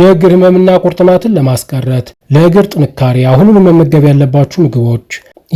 የእግር ህመምና ቁርጥማትን ለማስቀረት ለእግር ጥንካሬ አሁኑን መመገብ ያለባችሁ ምግቦች።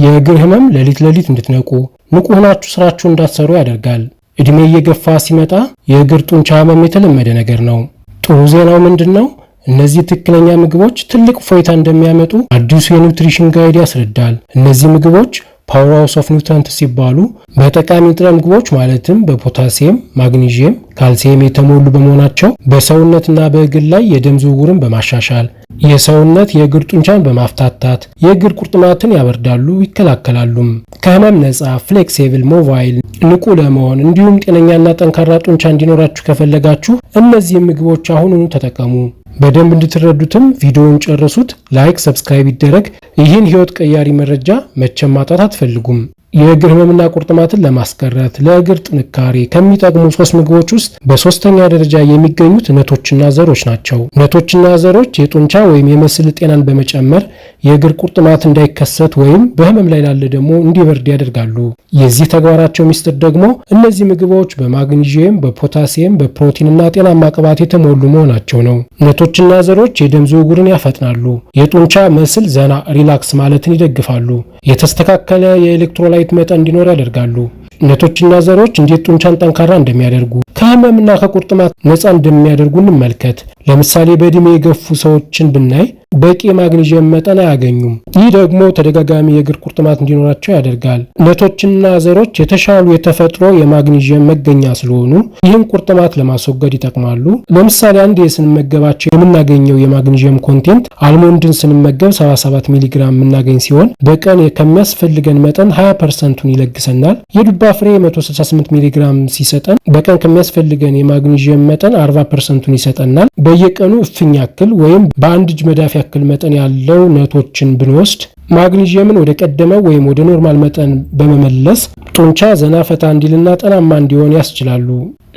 የእግር ህመም ሌሊት ሌሊት እንድትነቁ ንቁ ሆናችሁ ስራችሁን እንዳትሰሩ ያደርጋል። እድሜ እየገፋ ሲመጣ የእግር ጡንቻ ህመም የተለመደ ነገር ነው። ጥሩ ዜናው ምንድን ነው? እነዚህ ትክክለኛ ምግቦች ትልቅ እፎይታ እንደሚያመጡ አዲሱ የኒውትሪሽን ጋይድ ያስረዳል። እነዚህ ምግቦች ፓወር ሃውስ ኦፍ ኒውትራንት ሲባሉ በጠቃሚ ንጥረ ምግቦች ማለትም በፖታሲየም፣ ማግኒዥየም፣ ካልሲየም የተሞሉ በመሆናቸው በሰውነትና በእግር ላይ የደም ዝውውርን በማሻሻል የሰውነት የእግር ጡንቻን በማፍታታት የእግር ቁርጥማትን ያበርዳሉ፣ ይከላከላሉም። ከህመም ነፃ፣ ፍሌክሲብል፣ ሞባይል፣ ንቁ ለመሆን እንዲሁም ጤነኛና ጠንካራ ጡንቻ እንዲኖራችሁ ከፈለጋችሁ እነዚህ ምግቦች አሁኑኑ ተጠቀሙ። በደንብ እንድትረዱትም ቪዲዮውን ጨርሱት። ላይክ፣ ሰብስክራይብ ይደረግ። ይህን ህይወት ቀያሪ መረጃ መቼም ማጣት አትፈልጉም። የእግር ህመምና ቁርጥማትን ለማስቀረት ለእግር ጥንካሬ ከሚጠቅሙ ሶስት ምግቦች ውስጥ በሶስተኛ ደረጃ የሚገኙት ነቶችና ዘሮች ናቸው። ነቶችና ዘሮች የጡንቻ ወይም የመስል ጤናን በመጨመር የእግር ቁርጥማት እንዳይከሰት ወይም በህመም ላይ ላለ ደግሞ እንዲበርድ ያደርጋሉ። የዚህ ተግባራቸው ሚስጥር ደግሞ እነዚህ ምግቦች በማግኒዥየም፣ በፖታሲየም፣ በፕሮቲንና ጤናማ ቅባት የተሞሉ መሆናቸው ነው። ነቶችና ዘሮች የደም ዝውውርን ያፈጥናሉ። የጡንቻ መስል ዘና ሪላክስ ማለትን ይደግፋሉ። የተስተካከለ የኤሌክትሮላይት መጠን እንዲኖር ያደርጋሉ። ነቶችና ዘሮች እንዴት ጡንቻን ጠንካራ እንደሚያደርጉ ከህመምና ከቁርጥማት ነፃ እንደሚያደርጉ እንመልከት። ለምሳሌ በእድሜ የገፉ ሰዎችን ብናይ በቂ የማግኒዥየም መጠን አያገኙም። ይህ ደግሞ ተደጋጋሚ የእግር ቁርጥማት እንዲኖራቸው ያደርጋል። ነቶችና ዘሮች የተሻሉ የተፈጥሮ የማግኒዥየም መገኛ ስለሆኑ ይህን ቁርጥማት ለማስወገድ ይጠቅማሉ። ለምሳሌ አንድ ስንመገባቸው የምናገኘው የማግኒዥየም ኮንቴንት አልሞንድን ስንመገብ 77 ሚሊግራም የምናገኝ ሲሆን በቀን ከሚያስፈልገን መጠን 20 ፐርሰንቱን ይለግሰናል። የዱባ ፍሬ 168 ሚሊግራም ሲሰጠን በቀን ከሚያስፈልገን የማግኒዥየም መጠን 40 ፐርሰንቱን ይሰጠናል። በየቀኑ እፍኝ ያክል ወይም በአንድ እጅ መዳፍ ያክል መጠን ያለው ነቶችን ብንወስድ ማግኒዥየምን ወደ ቀደመው ወይም ወደ ኖርማል መጠን በመመለስ ጡንቻ ዘና ፈታ እንዲልና ጠናማ እንዲሆን ያስችላሉ።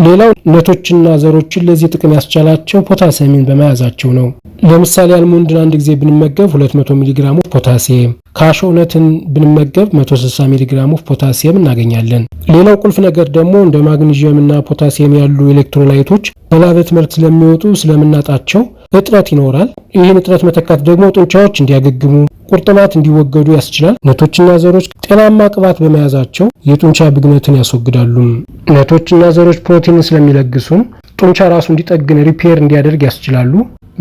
ሌላው ነቶችና ዘሮችን ለዚህ ጥቅም ያስቻላቸው ፖታሲየምን በመያዛቸው ነው። ለምሳሌ አልሞንድን አንድ ጊዜ ብንመገብ 200 ግራም ኦፍ ፖታሲየም፣ ካሾ ነትን ብንመገብ 160 ግራም ኦፍ ፖታሲየም እናገኛለን። ሌላው ቁልፍ ነገር ደግሞ እንደ ማግኒዥየምና ፖታሲየም ያሉ ኤሌክትሮላይቶች በላበት መልክ ስለሚወጡ ስለምናጣቸው እጥረት ይኖራል። ይህን እጥረት መተካት ደግሞ ጡንቻዎች እንዲያገግሙ፣ ቁርጥማት እንዲወገዱ ያስችላል። ነቶችና ዘሮች ጤናማ ቅባት በመያዛቸው የጡንቻ ብግነትን ያስወግዳሉ። ነቶችና ዘሮች ፕሮቲን ስለሚለግሱን ጡንቻ ራሱ እንዲጠግን ሪፔር እንዲያደርግ ያስችላሉ።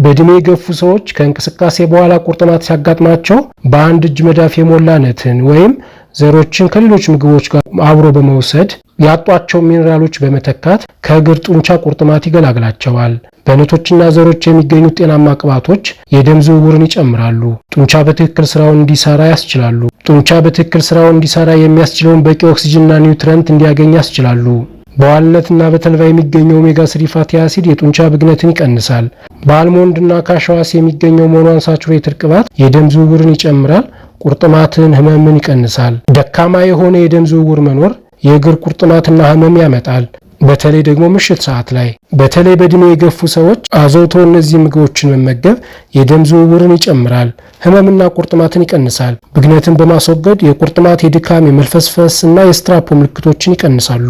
በእድሜ የገፉ ሰዎች ከእንቅስቃሴ በኋላ ቁርጥማት ሲያጋጥማቸው በአንድ እጅ መዳፍ የሞላ ነትን ወይም ዘሮችን ከሌሎች ምግቦች ጋር አብሮ በመውሰድ ያጧቸው ሚኔራሎች በመተካት ከእግር ጡንቻ ቁርጥማት ይገላግላቸዋል። በነቶችና ዘሮች የሚገኙ ጤናማ ቅባቶች የደም ዝውውርን ይጨምራሉ። ጡንቻ በትክክል ስራውን እንዲሰራ ያስችላሉ። ጡንቻ በትክክል ስራውን እንዲሰራ የሚያስችለውን በቂ ኦክሲጅንና ኒውትረንት እንዲያገኝ ያስችላሉ። በዋልነትና በተልባ የሚገኘው ኦሜጋ ስሪ ፋቲ አሲድ የጡንቻ ብግነትን ይቀንሳል። በአልሞንድና ካሸዋስ የሚገኘው ሞኖ ቅባት የደም ዝውውርን ይጨምራል። ቁርጥማትን፣ ህመምን ይቀንሳል። ደካማ የሆነ የደም ዝውውር መኖር የእግር ቁርጥማትና ህመም ያመጣል፣ በተለይ ደግሞ ምሽት ሰዓት ላይ በተለይ በድኖ የገፉ ሰዎች አዘውትሮ እነዚህ ምግቦችን መመገብ የደም ዝውውርን ይጨምራል፣ ህመምና ቁርጥማትን ይቀንሳል። ብግነትን በማስወገድ የቁርጥማት፣ የድካም፣ የመልፈስፈስ እና የስትራፖ ምልክቶችን ይቀንሳሉ።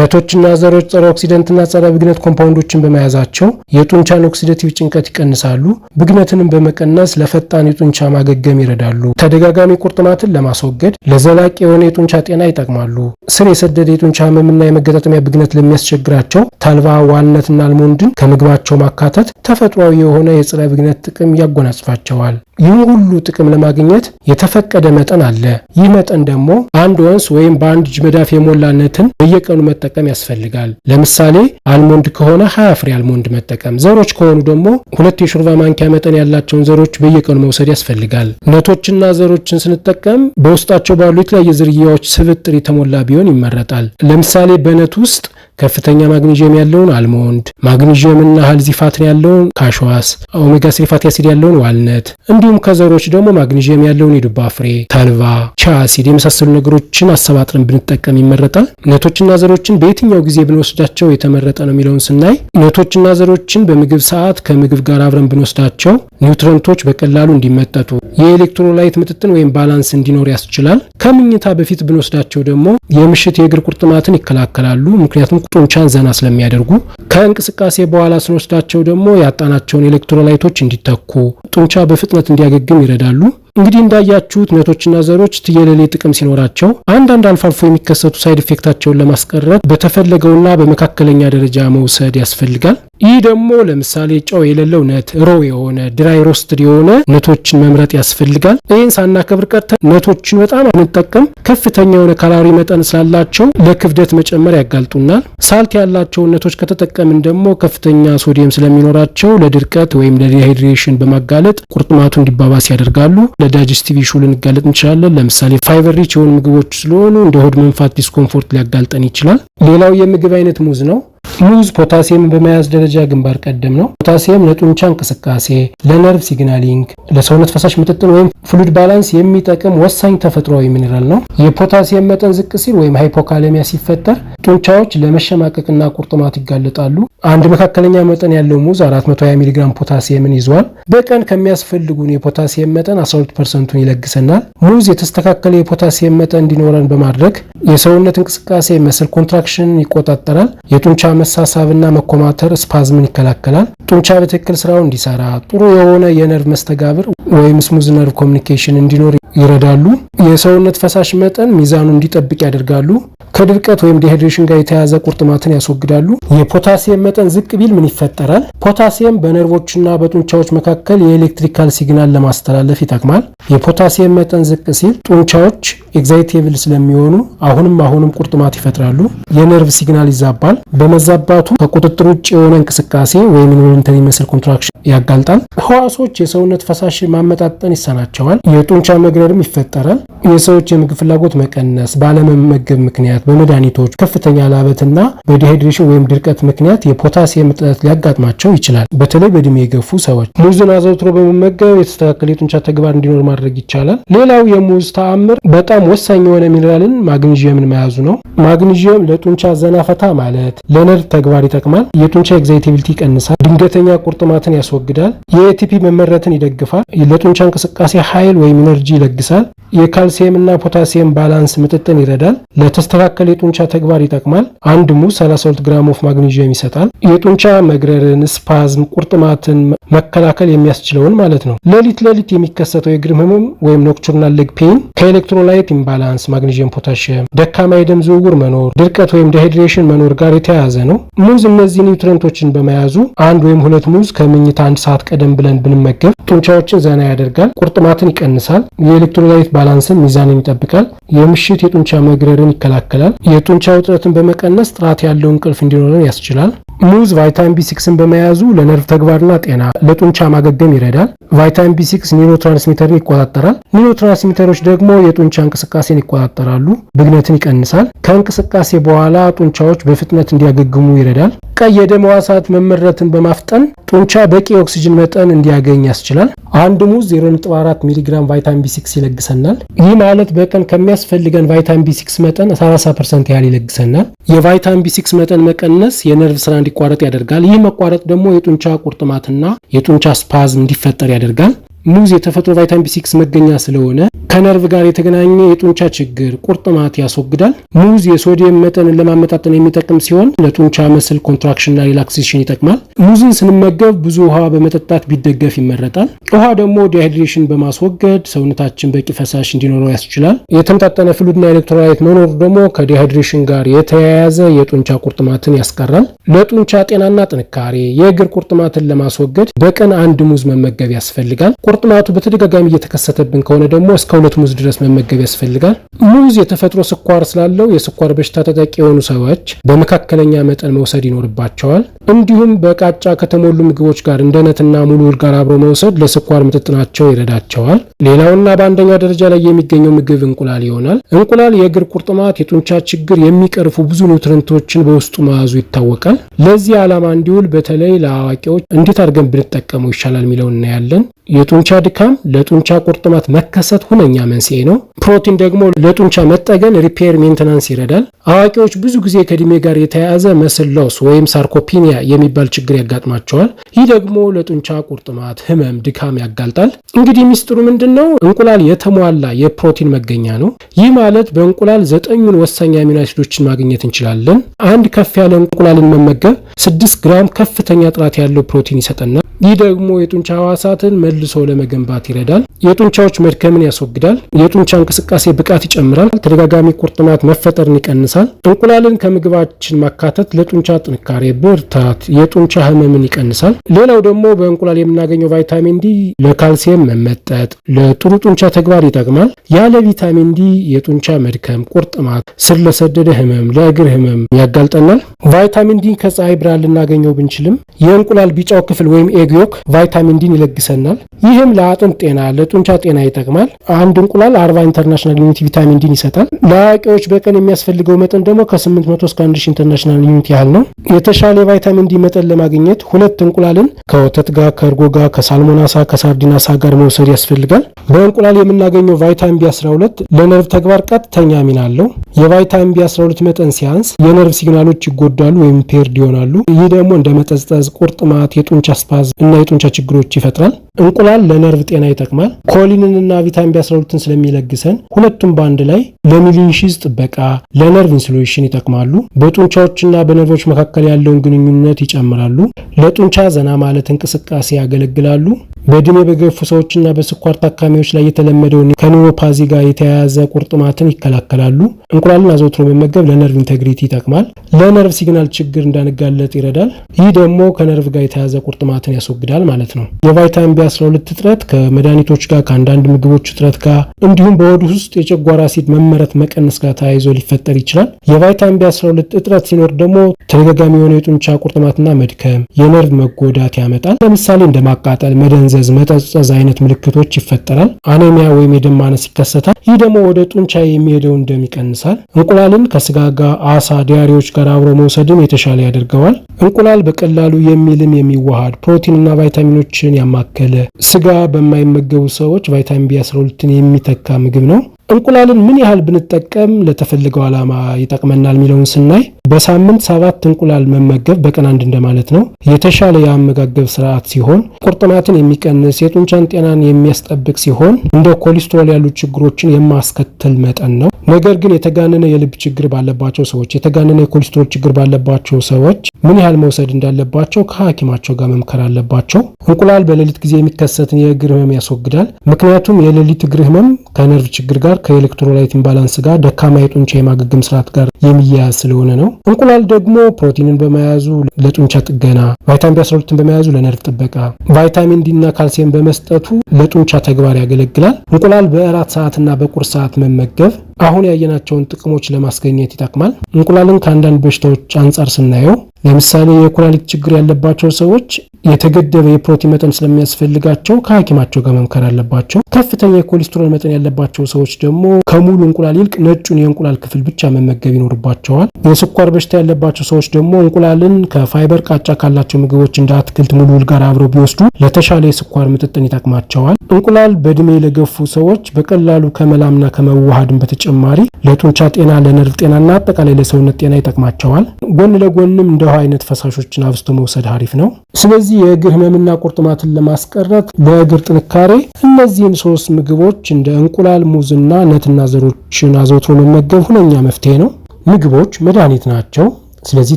ነቶችና ዘሮች ጸረ ኦክሲደንትና ጸረ ብግነት ኮምፓውንዶችን በመያዛቸው የጡንቻን ኦክሲደቲቭ ጭንቀት ይቀንሳሉ፣ ብግነትንም በመቀነስ ለፈጣን የጡንቻ ማገገም ይረዳሉ። ተደጋጋሚ ቁርጥማትን ለማስወገድ ለዘላቂ የሆነ የጡንቻ ጤና ይጠቅማሉ። ስር የሰደደ የጡንቻ ህመምና የመገጣጠሚያ ብግነት ለሚያስቸግራቸው ታልባ ዋና በዋናነትና አልሞንድን ከምግባቸው ማካተት ተፈጥሯዊ የሆነ የጸረ ብግነት ጥቅም ያጎናጽፋቸዋል። ይህም ሁሉ ጥቅም ለማግኘት የተፈቀደ መጠን አለ። ይህ መጠን ደግሞ አንድ ወንስ ወይም በአንድ እጅ መዳፍ የሞላነትን በየቀኑ መጠቀም ያስፈልጋል። ለምሳሌ አልሞንድ ከሆነ ሀያ ፍሬ አልሞንድ መጠቀም፣ ዘሮች ከሆኑ ደግሞ ሁለት የሾርባ ማንኪያ መጠን ያላቸውን ዘሮች በየቀኑ መውሰድ ያስፈልጋል። ነቶችና ዘሮችን ስንጠቀም በውስጣቸው ባሉ የተለያየ ዝርያዎች ስብጥር የተሞላ ቢሆን ይመረጣል። ለምሳሌ በነት ውስጥ ከፍተኛ ማግኒዥየም ያለውን አልሞንድ፣ ማግኒዥየምና ሀልዚ ያለውን ካሽዋስ፣ ኦሜጋ ስሪ ፋቲ አሲድ ያለውን ዋልነት እንዲሁም ከዘሮች ደግሞ ማግኒዥየም ያለውን የዱባ ፍሬ፣ ተልባ፣ ቻ አሲድ የመሳሰሉ ነገሮችን አሰባጥረን ብንጠቀም ይመረጣል። ነቶችና ዘሮችን በየትኛው ጊዜ ብንወስዳቸው የተመረጠ ነው የሚለውን ስናይ ነቶችና ዘሮችን በምግብ ሰዓት ከምግብ ጋር አብረን ብንወስዳቸው ኒውትረንቶች በቀላሉ እንዲመጠጡ የኤሌክትሮላይት ምጥጥን ወይም ባላንስ እንዲኖር ያስችላል። ከምኝታ በፊት ብንወስዳቸው ደግሞ የምሽት የእግር ቁርጥማትን ይከላከላሉ። ምክንያቱም ጡንቻን ዘና ስለሚያደርጉ ከእንቅስቃሴ በኋላ ስንወስዳቸው ደግሞ ያጣናቸውን ኤሌክትሮላይቶች እንዲተኩ፣ ጡንቻ በፍጥነት እንዲያገግም ይረዳሉ። እንግዲህ እንዳያችሁት ነቶችና ዘሮች ትየለሌ ጥቅም ሲኖራቸው አንዳንድ አልፎ አልፎ የሚከሰቱ ሳይድ ኢፌክታቸውን ለማስቀረት በተፈለገውና በመካከለኛ ደረጃ መውሰድ ያስፈልጋል። ይህ ደግሞ ለምሳሌ ጨው የሌለው ነት፣ ሮ የሆነ ድራይ ሮስትድ የሆነ ነቶችን መምረጥ ያስፈልጋል። ይህን ሳናከብር ቀርተን ነቶችን በጣም አንጠቀም። ከፍተኛ የሆነ ካላሪ መጠን ስላላቸው ለክብደት መጨመር ያጋልጡናል። ሳልት ያላቸውን ነቶች ከተጠቀምን ደግሞ ከፍተኛ ሶዲየም ስለሚኖራቸው ለድርቀት ወይም ለዲሃይድሬሽን በማጋለጥ ቁርጥማቱ እንዲባባስ ያደርጋሉ። ለዳይጀስቲቭ ኢሹ ልንጋለጥ እንችላለን። ለምሳሌ ፋይበር ሪች የሆኑ ምግቦች ስለሆኑ እንደ ሆድ መንፋት ዲስኮምፎርት ሊያጋልጠን ይችላል። ሌላው የምግብ አይነት ሙዝ ነው። ሙዝ ፖታሲየም በመያዝ ደረጃ ግንባር ቀደም ነው። ፖታሲየም ለጡንቻ እንቅስቃሴ፣ ለነርቭ ሲግናሊንግ፣ ለሰውነት ፈሳሽ ምጥጥን ወይም ፍሉድ ባላንስ የሚጠቅም ወሳኝ ተፈጥሯዊ ሚኔራል ነው። የፖታሲየም መጠን ዝቅ ሲል ወይም ሃይፖካሌሚያ ሲፈጠር ጡንቻዎች ለመሸማቀቅና ቁርጥማት ይጋለጣሉ። አንድ መካከለኛ መጠን ያለው ሙዝ 420 ሚሊግራም ፖታሲየምን ይዟል። በቀን ከሚያስፈልጉን የፖታሲየም መጠን 12 ፐርሰንቱን ይለግሰናል። ሙዝ የተስተካከለ የፖታሲየም መጠን እንዲኖረን በማድረግ የሰውነት እንቅስቃሴ መስል ኮንትራክሽንን ይቆጣጠራል። የጡንቻ መሳሳብና መኮማተር ስፓዝምን ይከላከላል። ጡንቻ በትክክል ስራው እንዲሰራ ጥሩ የሆነ የነርቭ መስተጋብር ወይም ስሙዝ ነርቭ ኮሚኒኬሽን እንዲኖር ይረዳሉ። የሰውነት ፈሳሽ መጠን ሚዛኑ እንዲጠብቅ ያደርጋሉ። ከድርቀት ወይም ዲሃይድሬሽን ጋር የተያያዘ ቁርጥማትን ያስወግዳሉ። የፖታሲየም መጠን ዝቅ ቢል ምን ይፈጠራል? ፖታሲየም በነርቮችና በጡንቻዎች መካከል የኤሌክትሪካል ሲግናል ለማስተላለፍ ይጠቅማል። የፖታሲየም መጠን ዝቅ ሲል ጡንቻዎች ኤግዛይቴብል ስለሚሆኑ አሁንም አሁንም ቁርጥማት ይፈጥራሉ። የነርቭ ሲግናል ይዛባል። በመዛባቱ ከቁጥጥር ውጭ የሆነ እንቅስቃሴ ወይም ኢንቮለንተሪ መስል ኮንትራክሽን ያጋልጣል። ህዋሶች የሰውነት ፈሳሽ ማመጣጠን ይሳናቸዋል። የጡንቻ መግረርም ይፈጠራል። የሰዎች የምግብ ፍላጎት መቀነስ ባለመመገብ ምክንያት በመድኃኒቶች ከፍተኛ ላበትና በዲሄድሬሽን ወይም ድርቀት ምክንያት የፖታሲየም እጥረት ሊያጋጥማቸው ይችላል። በተለይ በእድሜ የገፉ ሰዎች ሙዝን አዘውትሮ በመመገብ የተስተካከለ የጡንቻ ተግባር እንዲኖር ማድረግ ይቻላል። ሌላው የሙዝ ተአምር በጣም ወሳኝ የሆነ ሚኔራልን ማግኒዥየምን መያዙ ነው። ማግኒዥየም ለጡንቻ ዘናፈታ ማለት ለነርቭ ተግባር ይጠቅማል። የጡንቻ ኤግዛይቲቪቲ ይቀንሳል። ድንገተኛ ቁርጥማትን ያስወግዳል። የኤቲፒ መመረትን ይደግፋል። ለጡንቻ እንቅስቃሴ ኃይል ወይም ኢነርጂ ይለግሳል። የካልሲየምና ፖታሲየም ባላንስ ምጥጥን ይረዳል። ለተስተካከለ የጡንቻ ተግባር ይጠቅማል። አንድ ሙዝ 32 ግራም ኦፍ ማግኔዥየም ይሰጣል። የጡንቻ መግረርን፣ ስፓዝም፣ ቁርጥማትን መከላከል የሚያስችለውን ማለት ነው። ሌሊት ሌሊት የሚከሰተው የእግር ህመም ወይም ኖክቹርናል ሌግ ፔን ከኤሌክትሮላይት ኢምባላንስ ማግኔዥየም፣ ፖታሽየም፣ ደካማ የደም ዝውውር መኖር፣ ድርቀት ወይም ዲሃይድሬሽን መኖር ጋር የተያያዘ ነው። ሙዝ እነዚህ ኒውትረንቶችን በመያዙ አንድ ወይም ሁለት ሙዝ ከምኝታ አንድ ሰዓት ቀደም ብለን ብንመገብ ጡንቻዎችን ዘና ያደርጋል፣ ቁርጥማትን ይቀንሳል፣ የኤሌክትሮላይት ባላንስን ሚዛንን ይጠብቃል፣ የምሽት የጡንቻ መግረርን ይከላከላል፣ የጡንቻ ውጥረትን በመቀነስ ጥራት ያለው እንቅልፍ እንዲኖረን ያስችላል። ሙዝ ቫይታሚን ቢ6ን በመያዙ ለነርቭ ተግባርና ጤና፣ ለጡንቻ ማገገም ይረዳል። ቫይታሚን ቢ6 ኒውሮትራንስሚተርን ይቆጣጠራል። ኒውሮትራንስሚተሮች ደግሞ የጡንቻ እንቅስቃሴን ይቆጣጠራሉ፣ ብግነትን ይቀንሳል። ከእንቅስቃሴ በኋላ ጡንቻዎች በፍጥነት እንዲያገግሙ ይረዳል። ቀይ የደም ሕዋሳት መመረትን በማፍጠን ጡንቻ በቂ ኦክሲጅን መጠን እንዲያገኝ ያስችላል። አንድ ሙዝ 0.4 ሚሊግራም ቫይታሚን ቢ6 ይለግሰናል። ይህ ማለት በቀን ከሚያስፈልገን ቫይታሚን ቢ6 መጠን 30 ፐርሰንት ያህል ይለግሰናል። የቫይታሚን ቢ6 መጠን መቀነስ የነርቭ ስራ እንዲቋረጥ ያደርጋል። ይህ መቋረጥ ደግሞ የጡንቻ ቁርጥማትና የጡንቻ ስፓዝም እንዲፈጠር ያደርጋል። ሙዝ የተፈጥሮ ቫይታሚን ቢ6 መገኛ ስለሆነ ከነርቭ ጋር የተገናኘ የጡንቻ ችግር ቁርጥማት ያስወግዳል። ሙዝ የሶዲየም መጠንን ለማመጣጠን የሚጠቅም ሲሆን ለጡንቻ መስል ኮንትራክሽንና ሪላክሴሽን ይጠቅማል። ሙዝን ስንመገብ ብዙ ውሃ በመጠጣት ቢደገፍ ይመረጣል። ውሃ ደግሞ ዲሃይድሬሽን በማስወገድ ሰውነታችን በቂ ፈሳሽ እንዲኖረው ያስችላል። የተመጣጠነ ፍሉድና ኤሌክትሮላይት መኖሩ ደግሞ ከዲሃይድሬሽን ጋር የተያያዘ የጡንቻ ቁርጥማትን ያስቀራል። ለጡንቻ ጤናና ጥንካሬ የእግር ቁርጥማትን ለማስወገድ በቀን አንድ ሙዝ መመገብ ያስፈልጋል። ቁርጥማቱ በተደጋጋሚ እየተከሰተብን ከሆነ ደግሞ እስከ ሁለት ሙዝ ድረስ መመገብ ያስፈልጋል። ሙዝ የተፈጥሮ ስኳር ስላለው የስኳር በሽታ ተጠቂ የሆኑ ሰዎች በመካከለኛ መጠን መውሰድ ይኖርባቸዋል። እንዲሁም በቃጫ ከተሞሉ ምግቦች ጋር እንደ ነትና ሙሉል ጋር አብሮ መውሰድ ለስኳር ምጥጥናቸው ይረዳቸዋል። ሌላውና በአንደኛ ደረጃ ላይ የሚገኘው ምግብ እንቁላል ይሆናል። እንቁላል የእግር ቁርጥማት፣ የጡንቻ ችግር የሚቀርፉ ብዙ ኒውትረንቶችን በውስጡ መያዙ ይታወቃል። ለዚህ ዓላማ እንዲውል በተለይ ለአዋቂዎች እንዴት አድርገን ብንጠቀመው ይሻላል የሚለው እናያለን። የጡንቻ ድካም ለጡንቻ ቁርጥማት መከሰት ሁነኛ መንስኤ ነው። ፕሮቲን ደግሞ ለጡንቻ መጠገን ሪፔር ሜንተናንስ ይረዳል። አዋቂዎች ብዙ ጊዜ ከእድሜ ጋር የተያያዘ መስል ለውስ ወይም ሳርኮፒኒያ የሚባል ችግር ያጋጥማቸዋል። ይህ ደግሞ ለጡንቻ ቁርጥማት ህመም፣ ድካም ያጋልጣል። እንግዲህ ሚስጥሩ ምንድን ነው? እንቁላል የተሟላ የፕሮቲን መገኛ ነው። ይህ ማለት በእንቁላል ዘጠኙን ወሳኝ አሚኖ አሲዶችን ማግኘት እንችላለን። አንድ ከፍ ያለ እንቁላልን መመገብ ስድስት ግራም ከፍተኛ ጥራት ያለው ፕሮቲን ይሰጠናል። ይህ ደግሞ የጡንቻ ህዋሳትን መልሶ ለመገንባት ይረዳል። የጡንቻዎች መድከምን ያስወግዳል። የጡንቻ እንቅስቃሴ ብቃት ይጨምራል። ተደጋጋሚ ቁርጥማት መፈጠርን ይቀንሳል። እንቁላልን ከምግባችን ማካተት ለጡንቻ ጥንካሬ፣ ብርታት፣ የጡንቻ ህመምን ይቀንሳል። ሌላው ደግሞ በእንቁላል የምናገኘው ቫይታሚን ዲ ለካልሲየም መመጠጥ ለጥሩ ጡንቻ ተግባር ይጠቅማል። ያለ ቪታሚን ዲ የጡንቻ መድከም፣ ቁርጥማት፣ ስር ለሰደደ ህመም፣ ለእግር ህመም ያጋልጠናል። ቫይታሚን ዲን ከፀሐይ ብርሃን ልናገኘው ብንችልም የእንቁላል ቢጫው ክፍል ወይም ኤግዮክ ቫይታሚን ዲን ይለግሰናል። ይህም ለአጥንት ጤና ለጡንቻ ጤና ይጠቅማል። አንድ እንቁላል አርባ ኢንተርናሽናል ዩኒት ቪታሚን ዲን ይሰጣል። ለአዋቂዎች በቀን የሚያስፈልገው መጠን ደግሞ ከ800 እስከ 1000 ኢንተርናሽናል ዩኒት ያህል ነው። የተሻለ የቫይታሚን ዲ መጠን ለማግኘት ሁለት እንቁላልን ከወተት ጋር፣ ከእርጎ ጋር፣ ከሳልሞናሳ ከሳርዲናሳ ጋር መውሰድ ያስፈልጋል። በእንቁላል የምናገኘው ቫይታሚን ቢ12 ለነርቭ ተግባር ቀጥተኛ ሚና አለው። የቫይታሚን ቢ12 መጠን ሲያንስ የነርቭ ሲግናሎች ይጎዳሉ ወይም ፔርድ ይሆናሉ። ይህ ደግሞ እንደ መጠዝጠዝ፣ ቁርጥማት፣ የጡንቻ ስፓዝ እና የጡንቻ ችግሮች ይፈጥራል። እንቁላል ለነርቭ ጤና ይጠቅማል። ኮሊንንና ቪታሚን ቢ12ን ስለሚለግሰን ሁለቱም በአንድ ላይ ለሚሊንሺዝ ጥበቃ፣ ለነርቭ ኢንሱሌሽን ይጠቅማሉ። በጡንቻዎችና በነርቮች መካከል ያለውን ግንኙነት ይጨምራሉ። ለጡንቻ ዘና ማለት እንቅስቃሴ ያገለግላሉ። በድሜ በገፉ ሰዎችና በስኳር ታካሚዎች ላይ የተለመደውን ከኒውሮፓዚ ጋር የተያያዘ ቁርጥማትን ይከላከላሉ። እንቁላልን አዘውትሮ መመገብ ለነርቭ ኢንቴግሪቲ ይጠቅማል። ለነርቭ ሲግናል ችግር እንዳንጋለጥ ይረዳል። ይህ ደግሞ ከነርቭ ጋር የተያያዘ ቁርጥማትን ያስወግዳል ማለት ነው። የቫይታሚን ቢ12 እጥረት ከመድኃኒቶች ጋር፣ ከአንዳንድ ምግቦች እጥረት ጋር እንዲሁም በወዱ ውስጥ የጨጓራ አሲድ መመረት መቀነስ ጋር ተያይዞ ሊፈጠር ይችላል። የቫይታሚን ቢ12 እጥረት ሲኖር ደግሞ ተደጋጋሚ የሆነ የጡንቻ ቁርጥማትና መድከም፣ የነርቭ መጎዳት ያመጣል። ለምሳሌ እንደ ማቃጠል፣ መደንዘ መደንዘዝ፣ መጠዘዝ አይነት ምልክቶች ይፈጠራል። አኔሚያ ወይም የደም ማነስ ይከሰታል። ይህ ደግሞ ወደ ጡንቻ የሚሄደውን ደም ይቀንሳል። እንቁላልን ከስጋ ጋር፣ አሳ፣ ዲያሪዎች ጋር አብሮ መውሰድም የተሻለ ያደርገዋል። እንቁላል በቀላሉ የሚልም የሚዋሃድ ፕሮቲንና ቫይታሚኖችን ያማከለ ስጋ በማይመገቡ ሰዎች ቫይታሚን ቢ12ን የሚተካ ምግብ ነው። እንቁላልን ምን ያህል ብንጠቀም ለተፈለገው ዓላማ ይጠቅመናል የሚለውን ስናይ በሳምንት ሰባት እንቁላል መመገብ በቀን አንድ እንደማለት ነው። የተሻለ የአመጋገብ ስርዓት ሲሆን ቁርጥማትን የሚቀንስ የጡንቻን ጤናን የሚያስጠብቅ ሲሆን እንደ ኮሌስትሮል ያሉ ችግሮችን የማስከትል መጠን ነው። ነገር ግን የተጋነነ የልብ ችግር ባለባቸው ሰዎች፣ የተጋነነ የኮሌስትሮል ችግር ባለባቸው ሰዎች ምን ያህል መውሰድ እንዳለባቸው ከሐኪማቸው ጋር መምከር አለባቸው። እንቁላል በሌሊት ጊዜ የሚከሰትን የእግር ህመም ያስወግዳል። ምክንያቱም የሌሊት እግር ህመም ከነርቭ ችግር ጋር ከኤሌክትሮላይት ኢምባላንስ ጋር ደካማ የጡንቻ የማገገም ስርዓት ጋር የሚያያዝ ስለሆነ ነው። እንቁላል ደግሞ ፕሮቲንን በመያዙ ለጡንቻ ጥገና፣ ቫይታሚን ቢ12ን በመያዙ ለነርቭ ጥበቃ፣ ቫይታሚን ዲና ካልሲየም በመስጠቱ ለጡንቻ ተግባር ያገለግላል። እንቁላል በእራት ሰዓትና በቁርስ ሰዓት መመገብ አሁን ያየናቸውን ጥቅሞች ለማስገኘት ይጠቅማል። እንቁላልን ከአንዳንድ በሽታዎች አንጻር ስናየው ለምሳሌ የኩላሊት ችግር ያለባቸው ሰዎች የተገደበ የፕሮቲን መጠን ስለሚያስፈልጋቸው ከሐኪማቸው ጋር መምከር አለባቸው። ከፍተኛ የኮሌስትሮል መጠን ያለባቸው ሰዎች ደግሞ ከሙሉ እንቁላል ይልቅ ነጩን የእንቁላል ክፍል ብቻ መመገብ ይኖርባቸዋል። የስኳር በሽታ ያለባቸው ሰዎች ደግሞ እንቁላልን ከፋይበር ቃጫ ካላቸው ምግቦች እንደ አትክልት፣ ሙሉል ጋር አብረው ቢወስዱ ለተሻለ የስኳር ምጥጥን ይጠቅማቸዋል። እንቁላል በእድሜ ለገፉ ሰዎች በቀላሉ ከመላምና ከመዋሃድን በተጨ በተጨማሪ ለጡንቻ ጤና፣ ለነርቭ ጤናና አጠቃላይ ለሰውነት ጤና ይጠቅማቸዋል። ጎን ለጎንም እንደ ውሃ አይነት ፈሳሾችን አብስቶ መውሰድ አሪፍ ነው። ስለዚህ የእግር ህመምና ቁርጥማትን ለማስቀረት ለእግር ጥንካሬ እነዚህን ሶስት ምግቦች እንደ እንቁላል፣ ሙዝና ነትና ዘሮችን አዘውትሮ መመገብ ሁነኛ መፍትሄ ነው። ምግቦች መድኃኒት ናቸው። ስለዚህ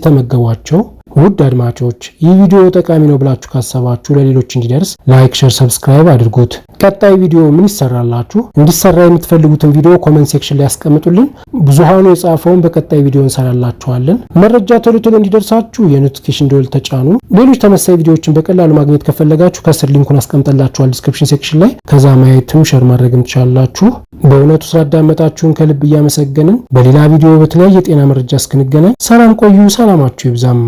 ተመገቧቸው። ውድ አድማጮች ይህ ቪዲዮ ጠቃሚ ነው ብላችሁ ካሰባችሁ ለሌሎች እንዲደርስ ላይክ፣ ሸር፣ ሰብስክራይብ አድርጉት። ቀጣይ ቪዲዮ ምን ይሰራላችሁ እንዲሰራ የምትፈልጉትን ቪዲዮ ኮመንት ሴክሽን ላይ ያስቀምጡልን። ብዙሃኑ የጻፈውን በቀጣይ ቪዲዮ እንሰራላችኋለን። መረጃ ቶሎ ቶሎ እንዲደርሳችሁ የኖቲፊኬሽን ደወል ተጫኑ። ሌሎች ተመሳሳይ ቪዲዮዎችን በቀላሉ ማግኘት ከፈለጋችሁ ከስር ሊንኩን አስቀምጠላችኋል ዲስክሪፕሽን ሴክሽን ላይ። ከዛ ማየትም ሸር ማድረግም ትችላላችሁ። በእውነቱ ስላዳመጣችሁን ከልብ እያመሰገንን በሌላ ቪዲዮ በተለያየ የጤና መረጃ እስክንገናኝ ሰላም ቆዩ። ሰላማችሁ ይብዛም።